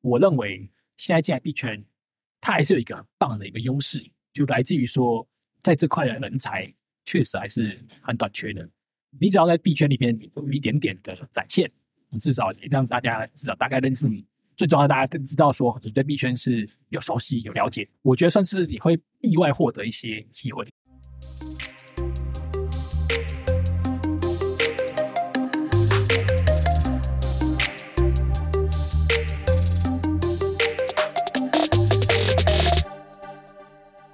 我認為現在進來幣圈，它還是有一個很棒的一個優勢，就來自於說，在這塊的人才確實還是很短缺的。你只要在幣圈裡面有一點點的展現，至少也讓大家至少大概認識你，最重要大家知道說你對幣圈是有熟悉、有了解，我覺得算是你會意外獲得一些機會。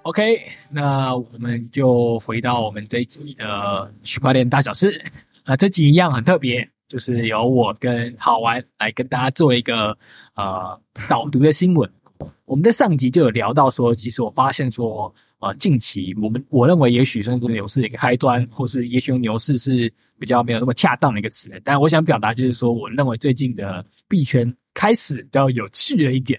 OK，那我們就回到我們這一集的區塊鏈大小事。啊，這集一樣很特別，就是由我跟好玩來跟大家做一個呃導讀的新聞。 我們在上集就有聊到說，其實我發現說，呃，近期我們我認為也許是一個牛市的一個開端，或是也許牛市是比較沒有那麼恰當的一個詞。但我想表達就是說，我認為最近的幣圈開始比較有趣的一點，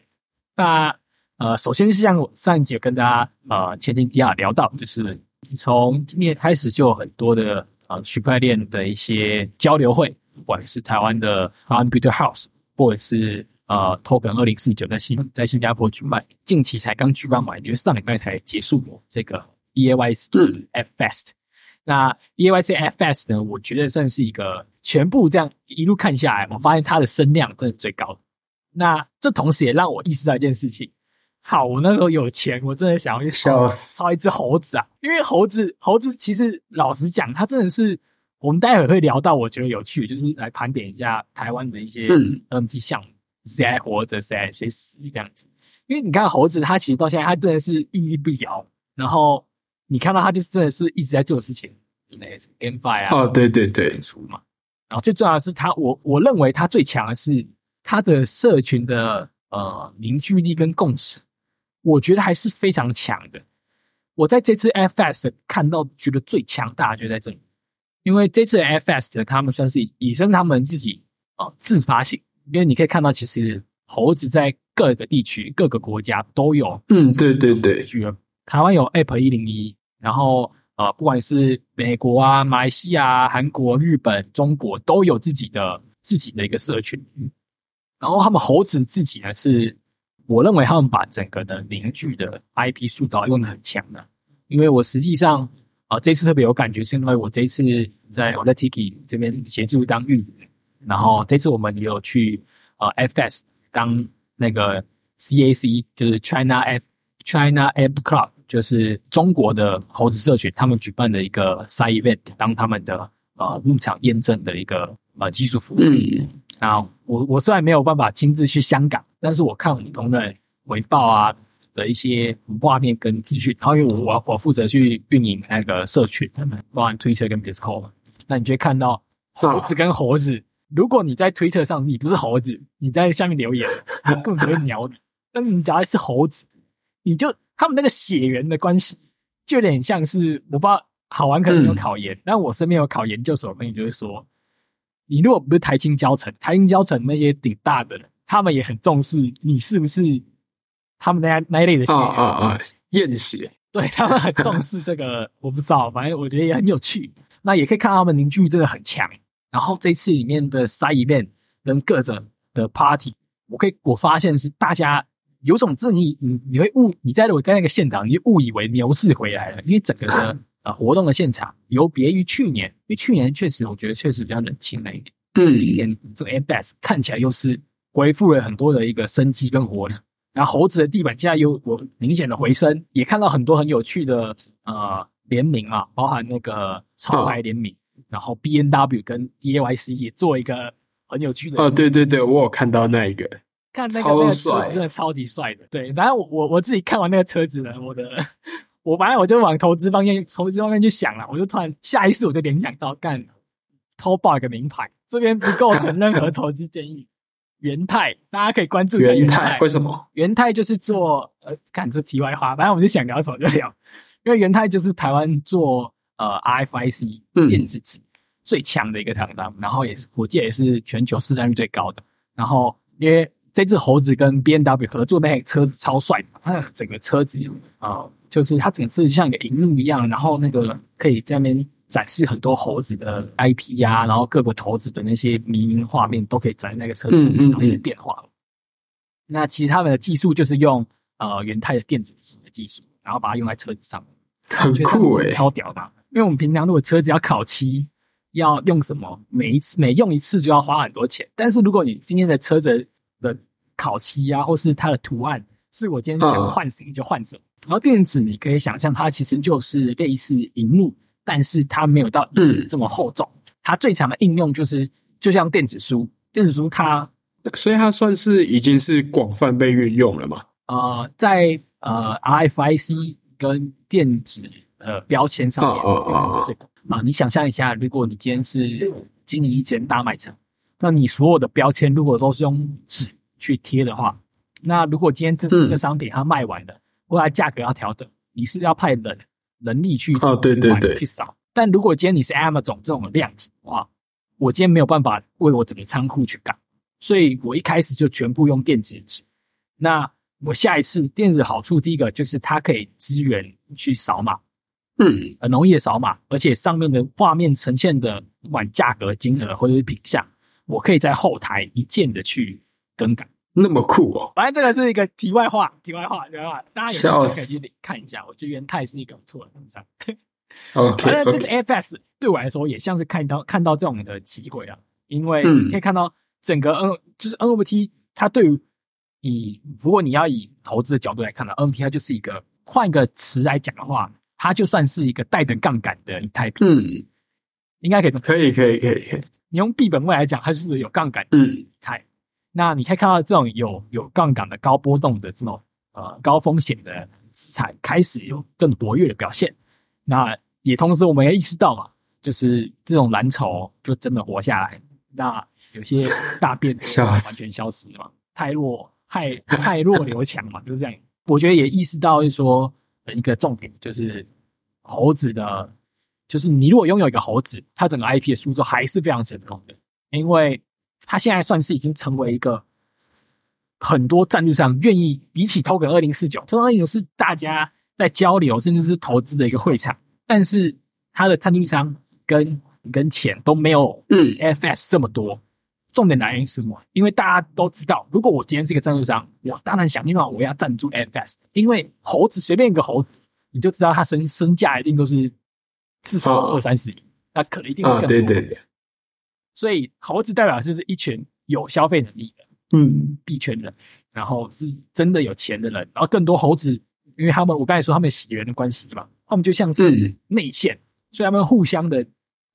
那。呃，首先是像我上一集跟大家呃，前進第二聊到，就是從今年開始就有很多的呃，區塊鏈的一些交流會，不管是台灣的 Open Builder House，或者是呃 Token 2049，在新在新加坡舉辦，近期才剛舉辦，因為上禮拜才結束過這個 BAYC APE FAST。那 BAYC APE FAST 呢，我覺得算是一個全部這樣一路看下來，我發現它的聲量真的最高。那這同時也讓我意識到一件事情。操！我那時候有錢，我真的想要去燒燒一隻猴子啊！因為猴子，猴子其實老實講，它真的是我們待會會聊到，我覺得有趣，就是來盤點一下台灣的一些 NFT 項目，誰、嗯、活着，誰誰死這樣子。因為你看猴子，它其實到現在，它真的是屹立不搖。然後你看到它，就是真的是一直在做事情，那什是 GameFi 啊，哦、啊，對對對，出嘛。然後最重要的是它，它我我認為它最強的是它的社群的呃凝聚力跟共識。我覺得還是非常強的。我在這次、Ape、Fest 看到，覺得最強大的就在這裡，因為這次、Ape、Fest 他們算是以生他們自己啊自發性，因為你可以看到，其實猴子在各個地區、各個國家都有。嗯，對對對。台灣有 Apple 一零一，然後啊，不管是美國啊、馬來西亞、韓國、日本、中國，都有自己的自己的一個社群。然後他們猴子自己呢是。我認為他們把整個的鄰居的 IP 塑造用得很強的、啊，因為我實際上啊、呃、這次特別有感覺，是因為我這次在我在 Tiki 這邊協助當運營，然後這次我們也有去啊、呃、FS 當那個 CAC，就是 China Ape China Ape Club，就是中國的猴子社群他們舉辦的一個 side event，當他們的呃入場驗證的一個啊、呃、技術服務、嗯啊，我我雖然沒有辦法親自去香港，但是我看不同的回報啊的一些畫面跟資訊。然後因為我我負責去運營那個社群，他、嗯、們包含推特跟 Discord 嘛。那你就會看到猴子跟猴子，哦、如果你在推特上你不是猴子，你在下面留言，我根本不會鳥你。 但你只要是猴子，你就他們那個血緣的關係，就有點像是我不知道，好玩可能沒有考研，嗯、但我身邊有考研究所的朋友就會說。你如果不是台清交層，台清交層那些頂大的人，他們也很重視你是不是他們那那一類的驗、uh, uh, uh, 血，對他們很重視這個。 我不知道，反正我覺得也很有趣。那也可以看他們凝聚力真的很強。然後這次裡面的塞一面跟各種的 party，我可以我發現是大家有種正義，你你會誤你在我在那個現場，你誤以為牛市回來了，因為整個的、啊。啊，活動的現場有別於去年，因為去年確實我覺得確實比較冷清了一點。對，今年這個 APE FAST 看起來又是恢復了很多的一個生機跟活力。然後猴子的地板現在又有明顯的回升，也看到很多很有趣的呃聯名啊，包含那個潮牌聯名、哦，然後 B N W 跟 B A Y C 也做一個很有趣的。哦，對對對，我有看到那一個，看那個是那個真的超級帥的。對，然後我我，我自己看完那個車子呢，我的。我本來我就往投資方面、投資方面去想了，我就突然下意識我就聯想到幹，偷報一個明牌，這邊不構成任何投資建議。 元泰，大家可以關注一下元泰，元泰。為什麼？元泰就是做呃，看着題外話，反正我們就想聊什麼就聊。因為元泰就是台灣做呃，RFIC 電子紙、嗯、電子紙最強的一個廠商，然後也是國際也是全球市占率最高的。然後因為這只猴子跟 BMW 合作，那車子超帥，整個車子啊。就是它整個是像一個熒幕一樣，然後那個可以在那邊展示很多猴子的 IP 呀、啊，然後各個猴子的那些迷因畫面都可以在那個車子上、嗯嗯嗯，然後一直變化。那其實他們的技術就是用呃元太的電子的技術，然後把它用在車子上，很酷、欸、我覺得超屌的。因為我們平常如果車子要烤漆，要用什麼，每一次每用一次就要花很多錢。但是如果你今天的車子的烤漆啊，或是它的圖案，是我今天想換什麼，就換什麼。嗯然後電子，你可以想象它其實就是類似熒幕，但是它沒有到這麼厚重。嗯、它最強的應用就是就像電子書，電子書它，所以它算是已經是廣泛被運用了嘛？呃，在呃 RFIC 跟電子呃標籤上面用的最、這、多、個哦哦哦哦。啊，你想象一下，如果你今天是經營一間大賣場，那你所有的標籤如果都是用紙去貼的話，那如果今天這一、個嗯這個商品它賣完了。未來價格要調整，你是要派人人力去。啊，對對對，去掃。但如果今天你是 Amazon 這種的量體的話，我今天沒有辦法為我整個倉庫去改，所以我一開始就全部用電子紙。那我下一次電子好處第一個就是它可以支援去掃碼，嗯，很容易的掃碼，而且上面的畫面呈現的不管價格、金額或者是品項，我可以在後台一鍵的去更改。那麼酷哦！反正這個是一個題外話，題外話，題外話，大家有興趣可以去看一下。我覺得元太是一個不錯的商。 o、okay, k、okay. 這個 AFS 對我來說也像是看到看到這種的奇詭啊，因為可以看到整個 N、嗯、就是 NFT 它對於以如果你要以投資的角度來看的 NFT 它就是一個換一個詞來講的話，它就算是一個帶等槓桿的一台品。嗯，應該可，可，可，可以可以，可以，可以，可以。你用幣本位來講，它就是有槓桿的一台那你可以看到這種有有槓桿的高波動的這種呃高風險的資產開始有更活躍的表現，那也同時我們也意識到嘛，就是這種藍籌就真的活下來，那有些大變數完全消失嘛，太弱太太弱留強嘛，就是這樣。 我覺得也意識到就是說一個重點就是猴子的，就是你如果擁有一個猴子，它整個 IP 的輸出還是非常成功的，因為。他現在算是已經成為一個很多贊助商願意比起 Token 二零四九，Token 是大家在交流甚至是投資的一個會場，但是他的贊助商跟跟錢都沒有嗯 FS 這麼多。嗯、重點來源於什麼？因為大家都知道，如果我今天是一個贊助商，我當然想辦法我要贊助 FS，因為猴子隨便一個猴子，你就知道他身身價一定都是至少二三十億，那可能一定對、啊啊、對對。所以猴子代表就是一群有消費能力的，嗯，幣圈的，然後是真的有錢的人。然後更多猴子，因為他們我剛才說他們有血緣的關係嘛，他們就像是內線、嗯，所以他們互相的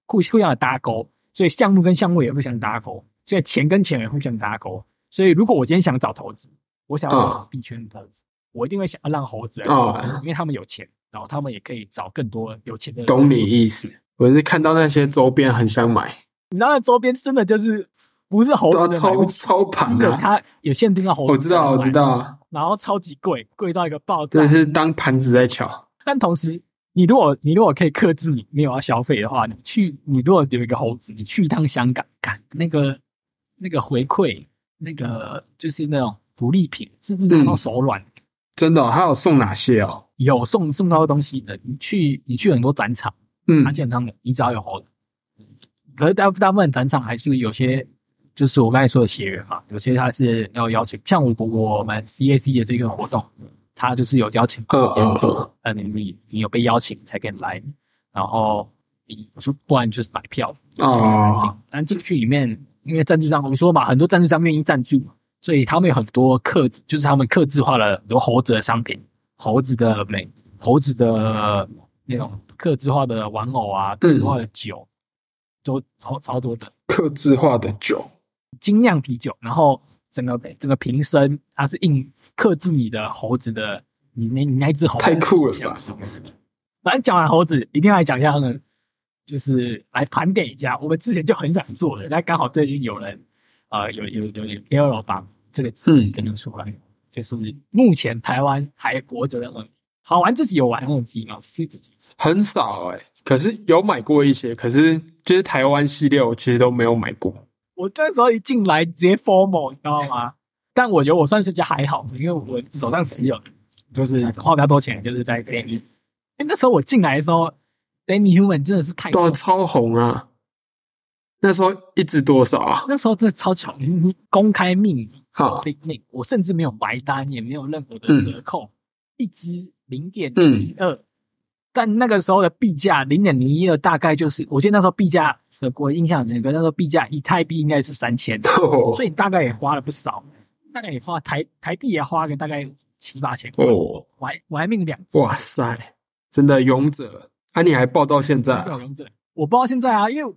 互互相的搭鈎，所以項目跟項目也會互相搭鈎，所以錢跟錢也會互相搭鈎。所以如果我今天想找投資，我想要找幣圈的投資、哦，我一定會想要讓猴子來投、哦、因為他們有錢，然後他們也可以找更多有錢的。懂你意思，我是看到那些周邊很想買。你知道周邊真的就是不是猴子超超盤的。它、啊、有限定的猴子，我知道，我知道。然後超級貴，貴到一個爆炸。但是當盤子在搶。但同時，你如果你如果可以克制你沒有要消費的話，你去，你如果有一個猴子，你去一趟香港，看那個那個回饋，那個就是那種福利品，是不是拿到？然後手軟。真的、哦，還有送哪些哦？有送送到的東西的。你去，你去很多展場，嗯，啊、他健康的，你只要有猴子。可是大部分展場還是有些，就是我剛才說的學人嘛，有些他是要邀請，像如果我們 CAC 的這個活動，他就是有邀請，呃呃、啊、你你有被邀請才可以來，然後你就不然就是買票哦、呃。但進去裡面，因為贊助商我們說嘛，很多贊助商願意贊助，所以他們有很多刻，就是他們刻字化了很多猴子的商品，猴子的美，猴子的那種刻字化的玩偶啊，刻字化的酒。做超超多的，客製化的酒，精釀啤酒，然後整、這個整個瓶身，它是印刻字你的猴子的，你那你，你那一隻猴子，太酷了，是吧？反正講完猴子，一定要來講一下他們，就是來盤點一下，我們之前就很想做的，那剛好最近有人，啊、呃，有有有有 e L 把這個字整了出來，就是目前台灣還活着的，好玩自己有玩的東西嗎？自己很少哎、欸。.可是有買過一些，可是就是台灣系列，我其實都沒有買過。我那時候一進來直接 FOMO，你知道嗎、嗯？但我覺得我算是比較還好，因為我手上持有、嗯、就是花、啊、比較多錢，就是在跟因為那時候我進來的時候、嗯、Demi-Human 真的是太多超紅啊！那時候一支多少啊？那時候真的超巧、嗯，公開命密我，我甚至沒有白單，也沒有任何的折扣，嗯、一支零點一二。嗯。但那個時候的幣價零點零一大概就是，我記得那時候幣價，我印象很深刻，那時候幣價以太幣應該是三千，oh. 所以你大概也花了不少，大概也花台台幣也花個大概七八千塊、oh. 我哦，玩玩命兩，哇塞，真的勇者，啊你還抱到現在，勇、啊、者，我抱到現在啊，因為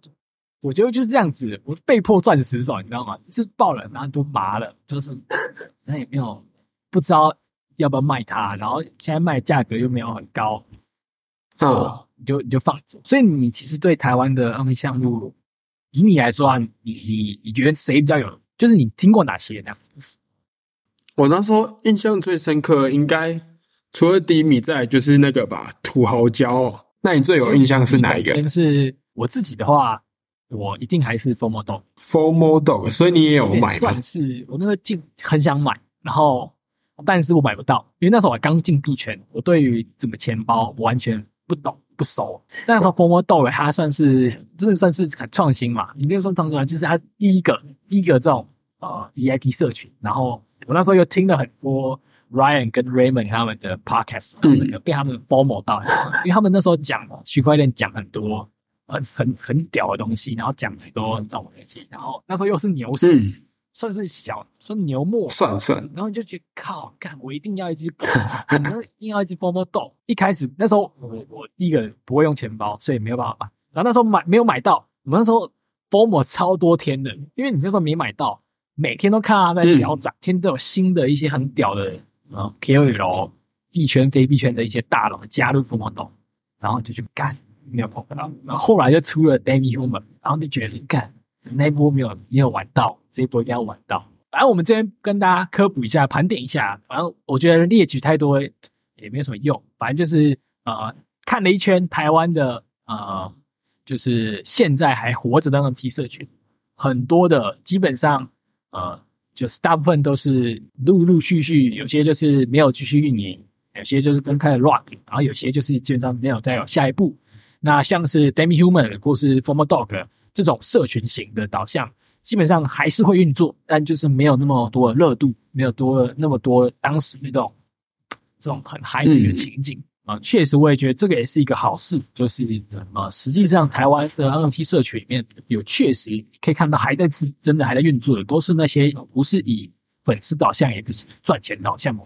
我覺得就是這樣子，我被迫鑽石手，你知道嗎？是抱了，然後都麻了，就是那 也沒有不知道要不要賣它，然後現在賣的價格又沒有很高。哦，你就你就放走。所以你其實對台灣的那項目，嗯嗯，以你來說啊，你你你覺得誰比較有？就是你聽過哪些？這樣子。我那時候印象最深刻，應該除了迪米再來，就是那個吧，土豪驕傲。哦，那你最有印象是哪一個？是我自己的話，我一定還是 FOMO DOG。FOMO DOG，所以你也有買嗎？是我那個進很想買，然後，但是我買不到，因為那時候我剛進幣圈，我對於怎麼錢包完全。不懂不熟，那時候 FOMO 到了，它算是真的算是很創新嘛。你比如說當時就是它第一個第一個這種呃 VIP 社群，然後我那時候又聽了很多 Ryan 跟 Raymond 他們的 Podcast，然後整個被他們 FOMO 到了、嗯，因為他們那時候講區塊鏈講很多很很很屌的東西，然後講很多這種東西，然後那時候又是牛市。嗯算是小，算牛莫，算算。然後你就覺得靠，幹！我一定要一支，我 一定要一支 FOMO。一開始那時候，我我第一個人不會用錢包，所以沒有辦法買、啊。然後那時候買沒有買到，我們那時候 FOMO 超多天的，因為你那時候沒買到，每天都看啊，那聊仔，天、嗯、天都有新的一些很屌的，嗯 KOL 幣圈、非幣圈的一些大佬加入 FOMO 豆，然後就去幹，沒有碰得到。然後後來就出了 d a m i Hume，然後就覺得幹。嗯那一波沒有，沒有玩到這一波一定要玩到。反正我們這邊跟大家科普一下，盤點一下。反正我覺得列舉太多也沒有什麼用。反正就是呃看了一圈台灣的呃，就是現在還活着的那種 T 社群，很多的基本上呃就是大部分都是陸陸續續，有些就是沒有繼續運營，有些就是公開了 rock，然後有些就是基本上沒有再有下一步。那像是 Demihuman 或是 Former Dog。這種社群型的導向，基本上還是會運作，但就是沒有那麼多的熱度，沒有多那麼多當時的那種這種很嗨的情景，嗯、啊。確實，我也覺得這個也是一個好事，就是、嗯、啊，實際上台灣的 NFT 社群裡面有確實可以看到還在真的還在運作的，都是那些，嗯、不是以粉絲導向，也不是賺錢導向，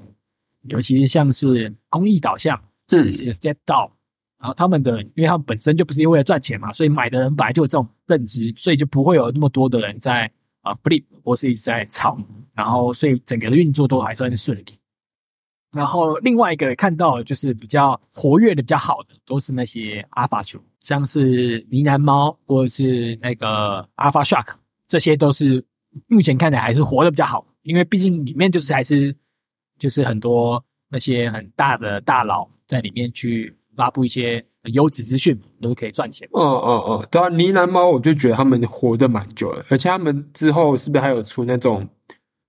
尤其像是公益導向，嗯，賽道。然後他們的，因為他們本身就不是因為賺錢嘛，所以買的人本來就有這種認知，所以就不會有那麼多的人在啊 flip 或是一直在炒。然後，所以整個的運作都還算順利。然後另外一個看到的就是比較活躍的、比較好的，都是那些 Alpha 球，像是呢喃貓或者是那個 Alpha Shark，這些都是目前看起來還是活得比較好，因為畢竟裡面就是還是就是很多那些很大的大佬在裡面去。發布一些優質資訊，都可以賺錢。嗯嗯嗯，當、嗯、啊，呢喃貓，我就覺得他們活得蠻久的，而且他們之後是不是還有出那種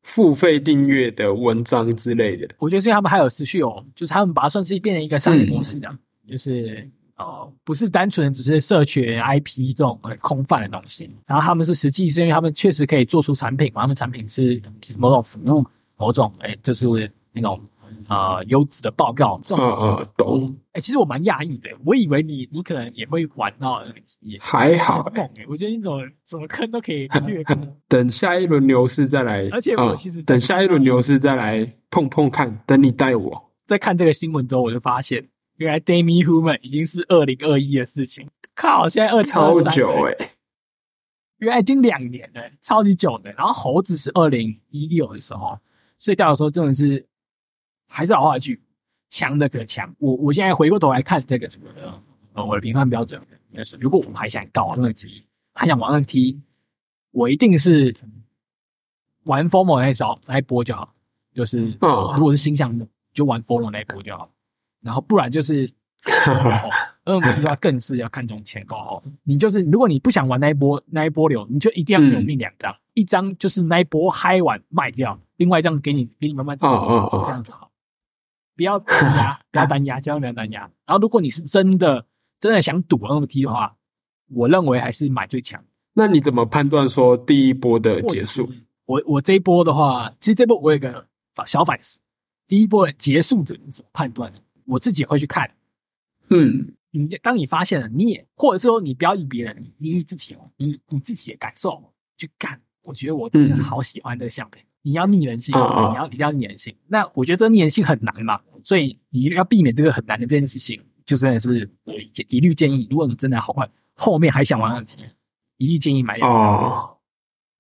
付費訂閱的文章之類的？我覺得是因他們還有持續哦，就是他們把它算是變成一個商業模式的、啊，就是哦、呃，不是單純只是社群 IP 這種很空泛的東西，然後他們是實際是因為他們確實可以做出產品嘛，他們產品是某種服用某種哎、欸，就是那種。啊、呃，優質的報告，嗯呃懂。哎、欸，其實我蠻訝異的，我以為你你可能也會玩到，也還好我、欸。我覺得你怎麼怎麼坑都可以略 等下一輪牛市再來，而且我其、嗯、實等下一輪牛市再來碰碰看，嗯、等你帶我。在看這個新聞之後，我就發現，原來 Damie Woman 已經是二零二一的事情。靠，現在二超久哎、欸，原來已經兩年了，超級久的。然後猴子是二零一六的時候，所以的友說真的是。還是老話一句，強的可強。我我現在回過頭來看這個什麼的，呃、嗯，我的評判標準，就是如果我還想搞，那踢，還想玩那踢，我一定是玩 formal 那一招那一波就好。就是，嗯、oh.，如果是新項目的，就玩 formal 那一波就好。然後不然就是，呃，我就是要看中前高你就是，如果你不想玩那一波那一波流，你就一定要我命兩張、嗯，一張就是那一波 high 完賣掉，另外一張給你給你慢慢走，oh. 這樣就好。不要壓，不要單壓，千萬不要單壓。然後，如果你是真的、真的想賭那麼低的話，我認為還是買最強。那你怎麼判斷說，說第一波的結束？我我這一波的話，其實這波我有個小反思。第一波的結束的你怎麼判斷？我自己也會去看。嗯，你當你發現了，你也或者是說你不要以別人你，你自己，你你自己的感受去看。我覺得我真的好喜歡這個相片。嗯你要逆人性，uh, 你要你一定要逆人性。Uh, 那我覺得這逆人性很難嘛，所以你要避免這個很難的這件事情，就真的是我一一律建議，如果你真的好壞，後面還想玩二天，一律建議買兩張。哦、uh,，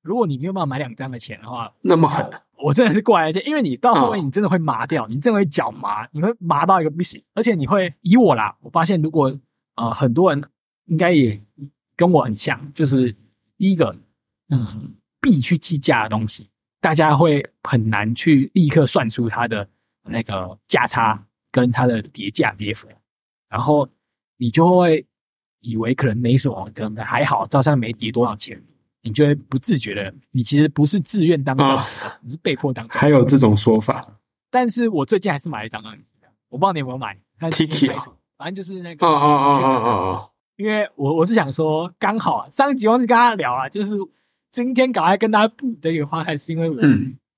如果你沒有辦法買兩張的錢的話，uh, 那麼難，我真的是過來人，因為你到後面你真的會麻掉，uh, 你真的會腳麻，你會麻到一個不行，而且你會以我啦，我發現如果啊、呃、很多人應該也跟我很像，就是第一個嗯，必須計價的東西。大家會很難去立刻算出它的那個價差跟它的疊價跌幅，然後你就會以為可能哪一首王還好，好像沒跌多少錢，你就會不自覺的，你其實不是自願當中、uh,，你是被迫當中。還有這種說法、嗯？但是我最近還是買一張啊，我不知道你有沒有買。台積啊，反正就是那個，哦哦哦哦哦，因為我我是想說，剛好上集忘記跟他聊啊，就是。今天趕快跟大家補這句話，還是因為我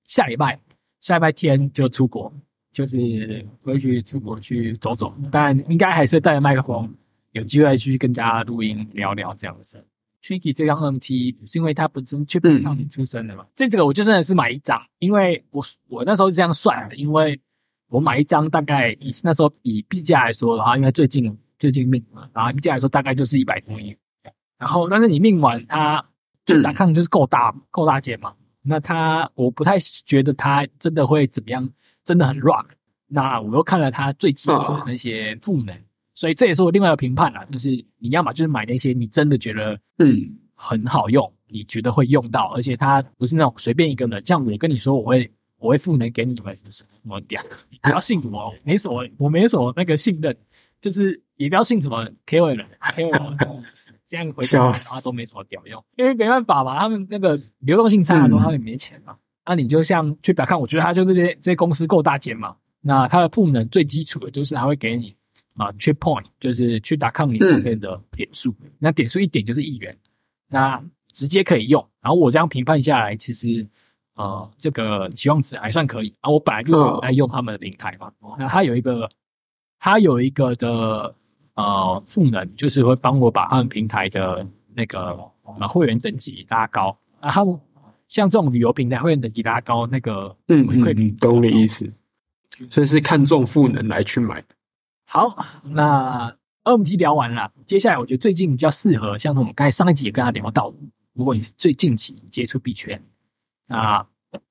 下禮拜、嗯、下禮拜，拜天就出國，就是回去出國去走走，嗯、當然應該還是帶着麥克風，有機會去跟大家錄音聊聊這樣子的事。Tricky、嗯、這張、個、MT，是因為它本身 c h e a 出生的嘛？這、嗯、這個我就真的是買一張，因為我我那時候是這樣算的，因為我買一張大概以、嗯、那時候以 B 價來說的話，因為最近最近命嘛，然後 M 價來說大概就是一百多億、嗯嗯，然後但是你命完它。打抗就是夠大，夠大肩膀。那他，我不太覺得他真的會怎麼樣，真的很 rock。那我又看了他最基本的那些賦能，啊、所以這也是我另外一個評判啦、啊，就是你要麼就是買那些你真的覺得嗯很好用，你覺得會用到，而且他不是那種隨便一個的。這樣我跟你說我，我會我會賦能給你們什麼屌。你不要信我，沒所謂，我沒所謂那個信任。就是也不要信什麼 KOL 了，KOL 這樣回頭的話都沒什麼屌用， 因為沒辦法嘛，他們那個流動性差的時候、嗯、他們也沒錢嘛。那、啊、你就像去打抗，我覺得他就是這些這些公司夠大間嘛，那他的賦能最基礎的就是他會給你、嗯、啊缺 point，就是去打抗你這邊的點數、嗯，那點數一點就是一元，那直接可以用。然後我這樣評判下來，其實呃這個期望值還算可以啊。我本來就在用他們的平台嘛、嗯哦，那他有一個。它有一個的呃賦能，就是會幫我把他們平台的那個呃會員等級拉高，然後他們像這種旅遊平台會員等級拉高，那個嗯很、嗯、懂你的意思，所以是看重賦能、嗯嗯、能來去買。好，那 MT 聊完了，接下來我覺得最近比較適合，像是我們剛才上一集也跟他聊到，如果你最近期接觸幣圈，那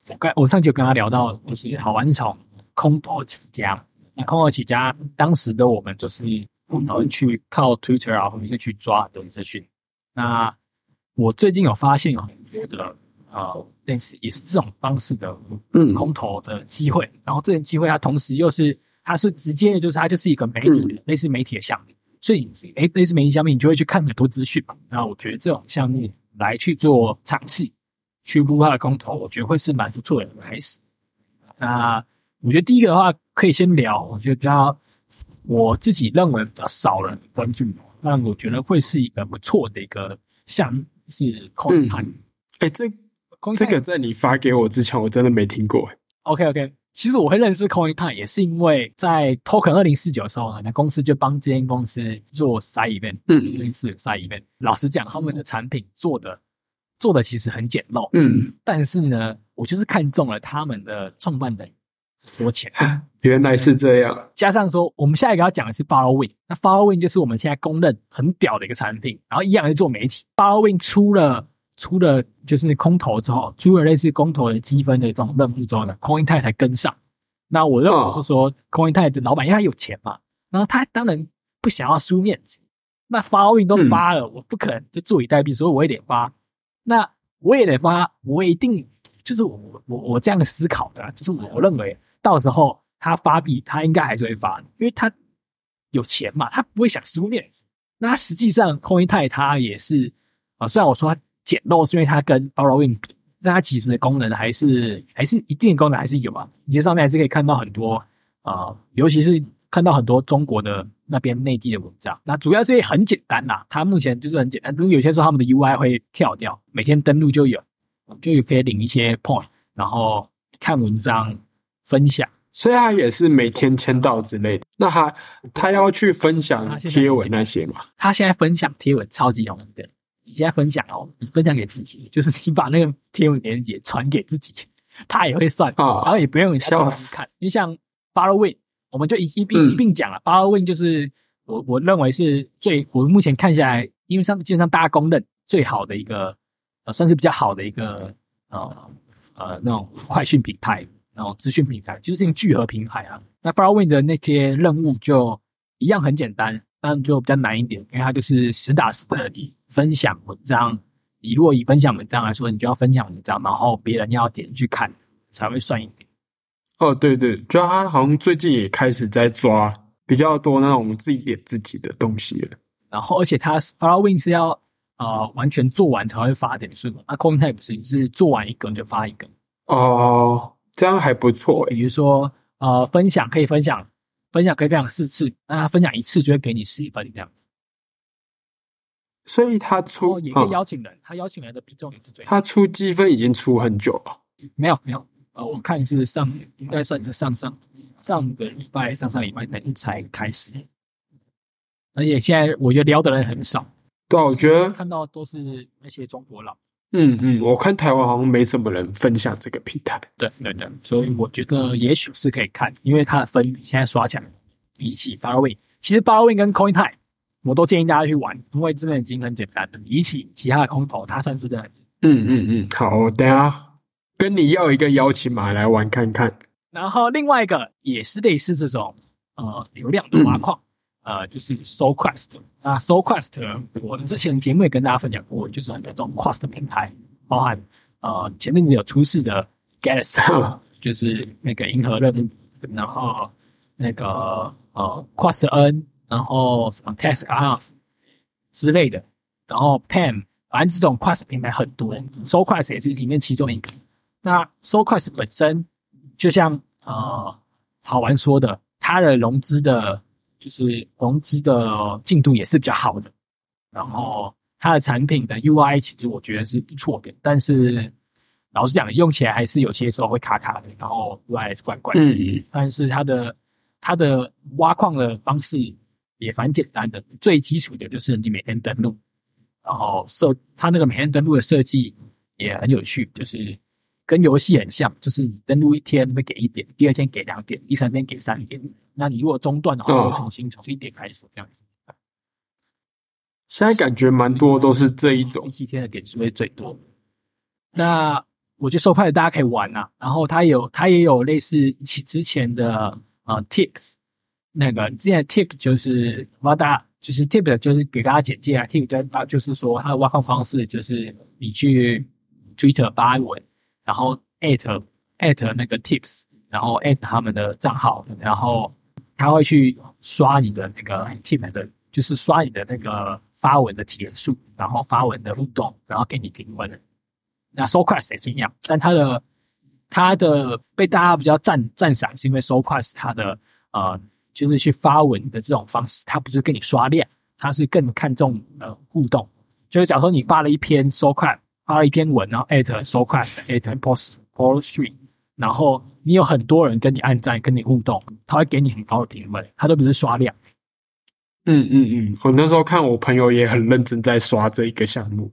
我剛我上集有跟他聊到，就、嗯、是，是好玩是從空投成這樣空投起家，當時的我們就是、嗯、然後去靠 Twitter 啊，或者去抓等資訊。嗯、那我最近有發現啊、哦，覺得啊類似也是這種方式的空投的機會，嗯、然後這種機會它同時又、就是它是直接就是它就是一個媒體、嗯、類似媒體的項目，所以哎類似媒體項目，你就會去看很多資訊嘛。那我覺得這種項目來去做長期去擼它的空投，我覺得會是蠻不錯的開始、嗯。那。我覺得第一個的話可以先聊。我覺得比較我自己認為比較少人關注，但我覺得會是一個不錯的一個項，像是 CoinTime。哎、嗯欸，這 CoinTime 這個在你發給我之前，我真的沒聽過。OK，OK、okay, okay。其實我會認識 CoinTime 也是因為在 Token 二零四九的時候，那公司就幫這間公司做 Side Event，嗯，是 Side Event。老實講、嗯，他們的產品做的做的其實很簡陋，嗯，但是呢，我就是看中了他們的創辦人。多錢？ 原來是這樣。加上說，我們下一個要講的是 Followin。那 Followin 就是我們現在公認很屌的一個產品。然後一樣是做媒體。Followin 出了出了就是空投之後，出了類似空投的積分的這種任務之後呢，Cointime 才跟上。那我認為我是說，Cointime、哦、的老板因為他有錢嘛，然後他當然不想要輸面子。那 Followin 都發了、嗯，我不可能就坐以待斃，所以我也得發。那我也得發，我一定就是我我我我這樣的思考的、啊，就是我，我認為。到時候他發幣，他應該還是會發，因為他有錢嘛，他不會想輸面子。那他實際上，空一太他也是啊，雖然我說他簡陋，是因為他跟 borrowing，但他其實的功能還是還是一定的功能還是有嘛。你這上面還是可以看到很多啊、呃，尤其是看到很多中國的那邊內地的文章。那主要是因為很簡單啦、啊，它目前就是很簡單，比如有些時候他們的 UI 會跳掉，每天登錄就有，就有可以領一些 point，然後看文章。嗯分享，所以他也是每天簽到之類的。嗯、那他他要去分享貼文那些嗎？他現在，他現在分享貼文超級容易的。你現在分享哦，你分享給自己，就是你把那個貼文鏈接傳給自己，他也會算，哦、然後也不用你告訴看。因為像 Followin，我們就一、嗯、一並一並講了。Followin 就是我我認為是最，我目前看下來，因為上基本上大家公認最好的一個，呃，算是比較好的一個，呃呃那種快訊平台。然後資訊平台其實是一個聚合平台啊。那 Followin 的那些任務就一樣很簡單，但就比較難一點，因為它就是實打實的你分享文章。你如果以分享文章來說，你就要分享文章，然後別人要點去看才會算一點。哦，對對，就他好像最近也開始在抓比較多那種自己點自己的東西了。然後，而且他 Followin 是要啊、呃、完全做完才會發點數，那、啊、Cointime 不是、就是做完一個就發一個哦。哦這樣還不錯、欸，比如說，呃，分享可以分享，分享可以分享四次，那、啊、他分享一次就會給你十一分這樣。所以他出一個邀請人、哦，他邀請人的比重也是最。他出積分已經出很久了，沒有沒有，呃，我看是上應該算是上上上個禮拜、上上禮拜才才開始，而且現在我覺得聊的人很少，對，我覺得看到都是那些中國佬。嗯嗯，我看台灣好像沒什麼人分享這個平台，對對對，所以我覺得也許是可以看，因為它的分現在刷起來比起 Followin，其實 Followin 跟 Cointime 我都建議大家去玩，因為真的已經很簡單，比起其他的空投，它算是這樣。嗯嗯嗯，好，的。跟你要一個邀請碼來玩看看。然後另外一個也是類似這種呃流量的挖礦。嗯呃，就是 SoQuest。那 SoQuest，我之前節目也跟大家分享過，就是很多這種 Quest 平台，包含呃前面有出示的 Galaxy，就是那個銀河任務，然後那個呃 Quest N，然後什麼 Task R 之類的，然後 Pan，反正這種 Quest 平台很多，SoQuest 也是裡面其中一個。那 SoQuest 本身，就像呃好玩說的，它的融資的。就是融資的進度也是比較好的，然後它的產品的 UI 其實我覺得是不錯的，但是老實講，用起來還是有些時候會卡卡的，然後 UI 是怪怪的。嗯嗯。但是它的它的挖礦的方式也蠻簡單的，最基礎的就是你每天登錄，然後設它那個每天登錄的設計也很有趣，就是。跟遊戲很像，就是你登錄一天會給一點，第二天給兩點，第三天給三點。那你如果中斷的話，啊、我重新從一點開始這樣子。現在感覺蠻多都是這一種，第七天的點數會最多。 那我覺得收派的大家可以玩吶、啊，然後它有它也有類似之前的啊、呃、t i s 那個之前 t i k 就是 w h a 就是 tip 就是給大家簡介、啊、tip 的就，就是說它的挖礦方式就是你去 Twitter 發文。然後艾特艾特那個 tips，然後艾特他們的賬號，然後他會去刷你的那個 tip 的，就是刷你的那個發文的帖數，然後發文的互動，然後給你評分。那 SoQuest 也是一樣，但他的他的被大家比較讚讚賞，是因為 SoQuest 它的呃，就是去發文的這種方式，他不是給你刷量，他是更看重呃互動。就是假如說你發了一篇 SoQuest 發一篇文，然後 at SoQuest，at post four three，然後你有很多人跟你按贊，跟你互動，他會給你很高的評分，他都不是刷量。嗯嗯嗯，我那時候看我朋友也很認真在刷這一個項目，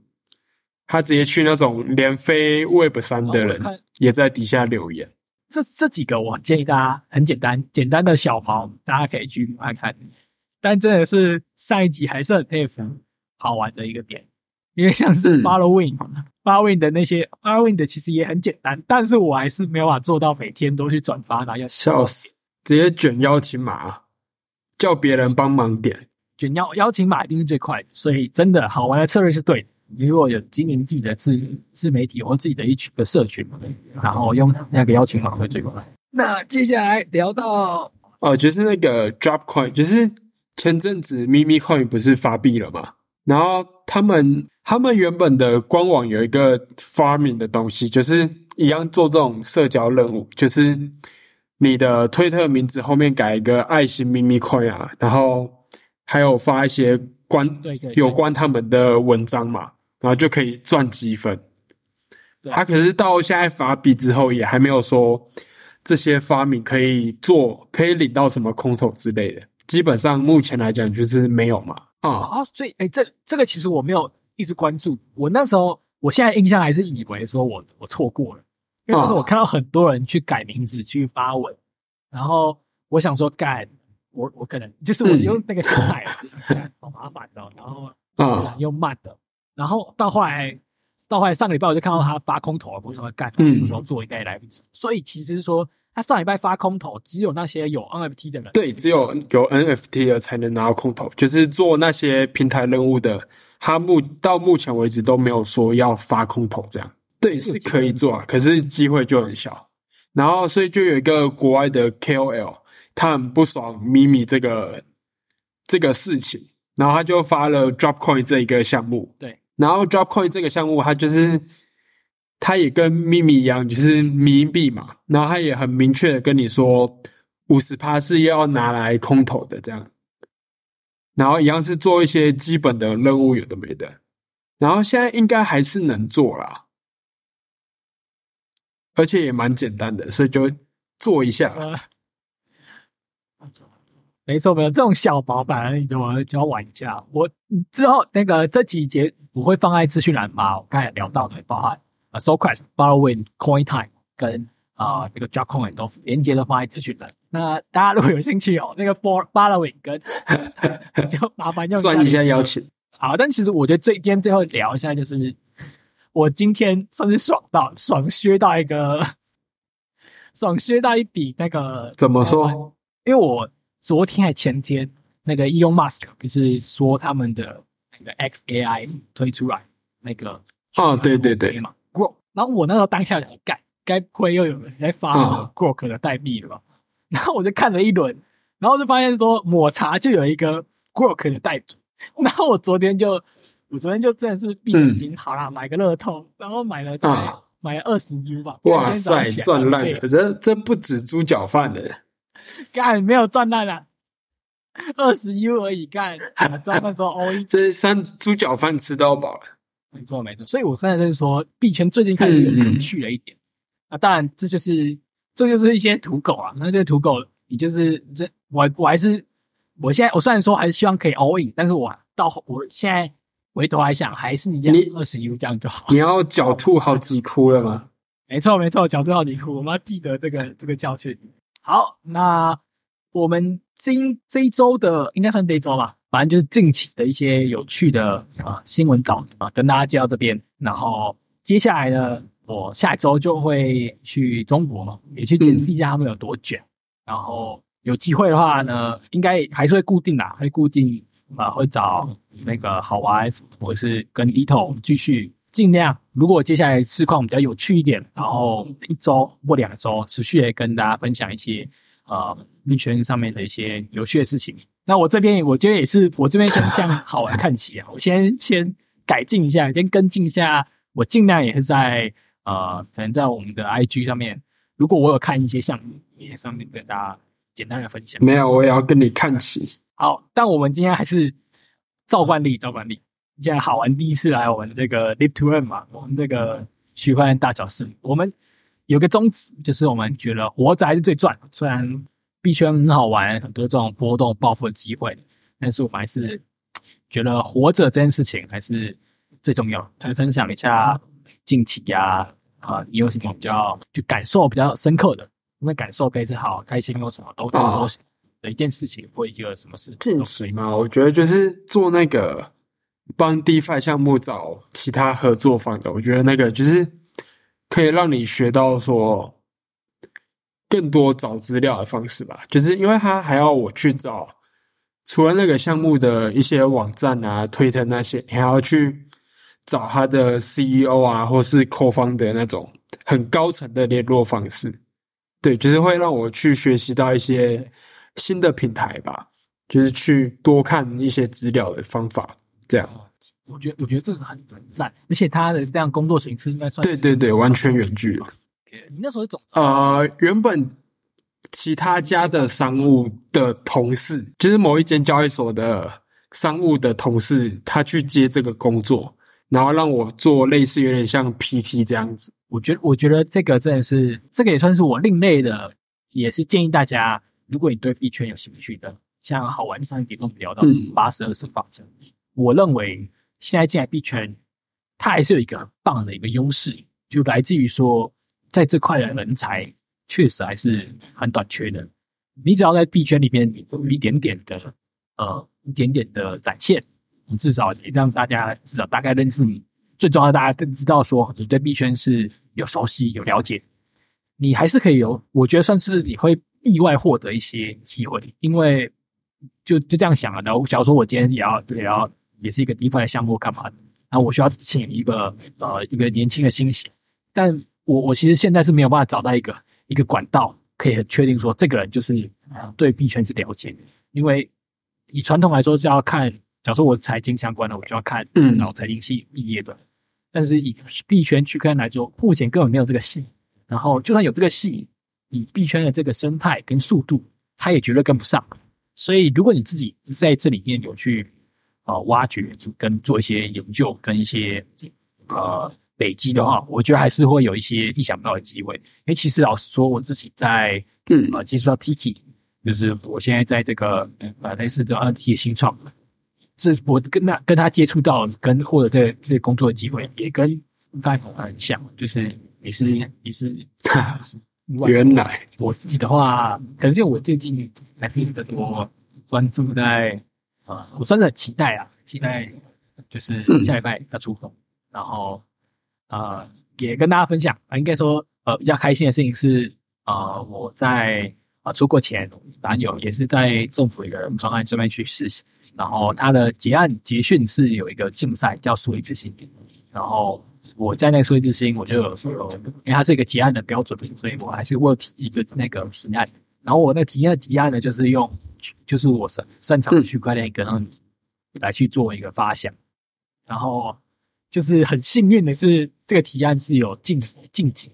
他直接去那種連非 Web 三的人也在底下留言。啊、這這幾個我建議大家很簡單，簡單的小跑，大家可以去看看。但真的是上一集還是很佩服，好玩的一個點。因為像是 Followin，Followin 的那些 Followin 的其實也很簡單，但是我還是沒有辦法做到每天都去轉發，大家笑死，直接卷邀請碼，叫別人幫忙點卷邀邀請碼，一定是最快的。所以真的，好玩的策略是對的。如果有經營自己的自自媒體或自己的一群的社群，然後用那個邀請碼會最快。那接下來聊到哦、呃，就是那個 Drop Coin，就是前陣子 Mimi 咪咪 Coin 不是發幣了嘛，然後他們。他們原本的官網有一個 farming 的東西，就是一樣做這種社交任務，就是你的推特名字後面改一個愛心咪咪框啊，然後還有發一些關對對,對有關他們的文章嘛，然後就可以賺積分。他、啊、可是到現在發幣之後，也還沒有說這些 farming 可以做，可以領到什麼空投之類的。基本上目前來講，就是沒有嘛。啊啊，所以哎，這這個其實我沒有。一直關注我那時候，我現在印象還是以為說我我錯過了，因為那時候我看到很多人去改名字，啊、去發文，然後我想說幹我我可能就是我用那個心態好麻煩哦，喔，然後又，啊、慢的，然後到後來到後來上禮拜我就看到他發空投，我想要幹，那，嗯、時候做應該也來不及，所以其實說他上禮拜發空投，只有那些有 NFT 的人，對，只有有 NFT 的才能拿到空投，就是做那些平台任務的。他目到目前為止都沒有說要發空投這樣，對，是可以做啊，可是機會就很小。然後，所以就有一個國外的 KOL，他很不爽 Mimi 這個這個事情，然後他就發了 Drop Coin 這一個項目。對，然後 Drop Coin 這個項目，它就是它也跟 Mimi 一樣，就是迷幣嘛，然後他也很明確的跟你說50，五十趴是要拿來空投的這樣。然後一樣是做一些基本的任務，有的沒的。然後現在應該還是能做了，而且也蠻簡單的，所以就做一下。呃、沒錯，沒錯，這種小寶板就就要玩一下。我之後那個這幾節我會放在資訊欄嗎我剛才聊到的包含、啊、s o c u e s t f o l r o w i n g coin time，跟啊、嗯、這個 j o c k c o n a n off 連接的放在資訊欄。那大家如果有興趣哦，那個 Followin Followin 跟 就麻煩用 算一下邀請。好，但其實我覺得今天最後聊一下，就是我今天算是爽到爽削到一個爽削到一筆那個怎麼說？因為我昨天還前天那個 Elon Musk 就是說他們的那個 XAI 推出來、嗯、那個啊、哦，對對對嘛，Grok。然後我那時候當下想該不會又有人該發 Grok 的代幣了吧？哦然後我就看了一輪，然後就發現說抹茶就有一個 Grok 的袋子，然後我昨天就，我昨天就真的是閉眼睛好了、嗯，買個樂透，然後買了、啊、買了二十 U 吧。哇塞，賺爛了！這這不止豬腳飯的，幹沒有賺爛了、啊，二十 U 而已，幹。他們說哦， 這三豬腳飯吃到飽了。沒錯沒錯，所以我現在就是說幣圈最近開始有趣了一點、嗯。啊，當然這就是。這就是一些土狗啊，那這些土狗也你就是這，我我還是，我現在我雖然說還是希望可以 all in，但是我到我現在回頭來想，還是你這樣二十一這樣就好了你。你要狡兔好幾窟了嗎？沒、嗯、錯、嗯、沒錯，狡兔好幾窟，我們要記得這個這個教訓。好，那我們今這一周的應該算這一周吧，反正就是近期的一些有趣的啊新聞導啊，跟大家介紹到這邊，然後接下來呢？我下周就會去中國嘛，也去見識一下他們有多捲、嗯。然後有機會的話呢，應該還是會固定的，會固定啊，會找那個好玩，或者是跟 Eto 繼續儘量。如果接下來市況比較有趣一點，嗯、然後一周或兩周持續的跟大家分享一些呃幣圈上面的一些有趣的事情。那我這邊我覺得也是，我這邊向好玩看齊啊。 我先先改進一下，先跟進一下，我儘量也是在。呃，可能在我們的 IG 上面，如果我有看一些項目，也上面跟大家簡單的分享。沒有，我也要跟你看齊、嗯。好，但我們今天還是照慣例，照慣例。現在好玩第一次來我們這個 Live to Earn 嘛，我們這個區塊鏈大小事。我們有個宗旨，就是我們覺得活着還是最賺。雖然幣圈很好玩，很多這種波動暴富的機會，但是我們還是覺得活着這件事情還是最重要。可以分享一下近期呀、啊。啊，也有什麼比較就感受比較深刻的？那感受可以是好開心，或什麼都更多，啊、的一件事情，或一個什麼事情以？進水嘛，我覺得就是做那個幫 DeFi 項目找其他合作方的，我覺得那個就是可以讓你學到說更多找資料的方式吧。就是因為他還要我去找除了那個項目的一些網站啊、推特那些，你還要去。找他的 CEO 啊，或是 CO 方的那種很高層的聯絡方式，對，就是會讓我去學習到一些新的平台吧，就是去多看一些資料的方法。這樣。哦，我覺得，我覺得這個很短暫，而且他的這樣工作形式應該算。對對對，完全遠距了。你那時候總呃，原本其他家的商務的同事，就是某一間交易所的商務的同事，他去接這個工作。然後讓我做類似有點像 PT 這樣子，我覺得我覺得這個真的是，這個也算是我另類的，也是建議大家，如果你對 B 圈有興趣的，像好玩以上幾點都跟我們聊到，八十二十法則，我認為現在進來 B 圈，它還是有一個很棒的一個優勢，就來自於說，在這塊的人才確實還是很短缺的，你只要在 B 圈裡面你有一點點的，呃，一點點的展現。你至少讓大家至少大概認識你，最重要的大家都知道說你對幣圈是有熟悉有了解，你還是可以有，我覺得算是你會意外獲得一些機會，因為就就這樣想啊。然後，假如說我今天也要也要也是一個 DeFi 項目幹嘛的，然後我需要請一個呃一個年輕的新星，但我我其實現在是沒有辦法找到一個一個管道，可以確定說這個人就是啊對幣圈是了解，因為以傳統來說是要看。假如說我財經相關的，我就要看然後財經系畢業的、嗯。但是以幣圈區塊來說，目前根本沒有這個系。然後就算有這個系，以幣圈的這個生態跟速度，它也絕對跟不上。所以如果你自己在這裡面有去啊、呃、挖掘跟做一些研究跟一些呃累積的話，我覺得還是會有一些意想不到的機會。因為其實老實說，我自己在嗯啊接觸到 Tik、嗯、i 就是我現在在這個呃類似這二級的新創。是我跟那跟他接觸到，跟獲得這這工作的機會、嗯，也跟范某很像，就是也是、嗯、也是。嗯也是就是， 原來我自己的話，可能就我最近還聽得多，關注在啊、嗯呃，我算是很期待啊，期待就是下禮拜要出貨、嗯，然後啊、呃、也跟大家分享啊、呃，應該說呃比較開心的事情是啊、呃、我在啊、呃、出國前，男友也是在政府一個專案、嗯、這邊去試試。然後他的結案結訓是有一個競賽叫“數位之星”，然後我在那個“數位之星”，我就有，因為它是一個結案的標準，所以我還是我提一個那個提案。然後我那提案的提案呢，就是用就是我擅擅長的區塊鏈一個來去做一個發想。然後就是很幸運的是，這個提案是有進晉、晉級，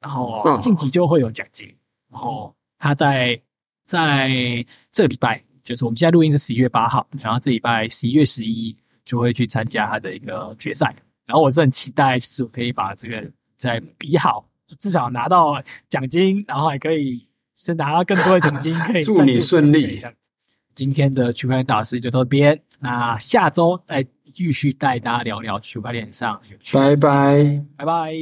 然後晉級就會有獎金。嗯、然後他在在這個禮拜。就是我們現在錄音是十一月八號，然後這禮拜十一月十一就會去參加他的一個決賽，然後我是很期待，就是我可以把這個再比好，至少拿到獎金，然後還可以先拿到更多的獎金， 可以 祝你順利。今天的區塊鏈導師就到這邊，那下周再繼續帶大家聊聊區塊鏈上有趣。拜拜，拜拜。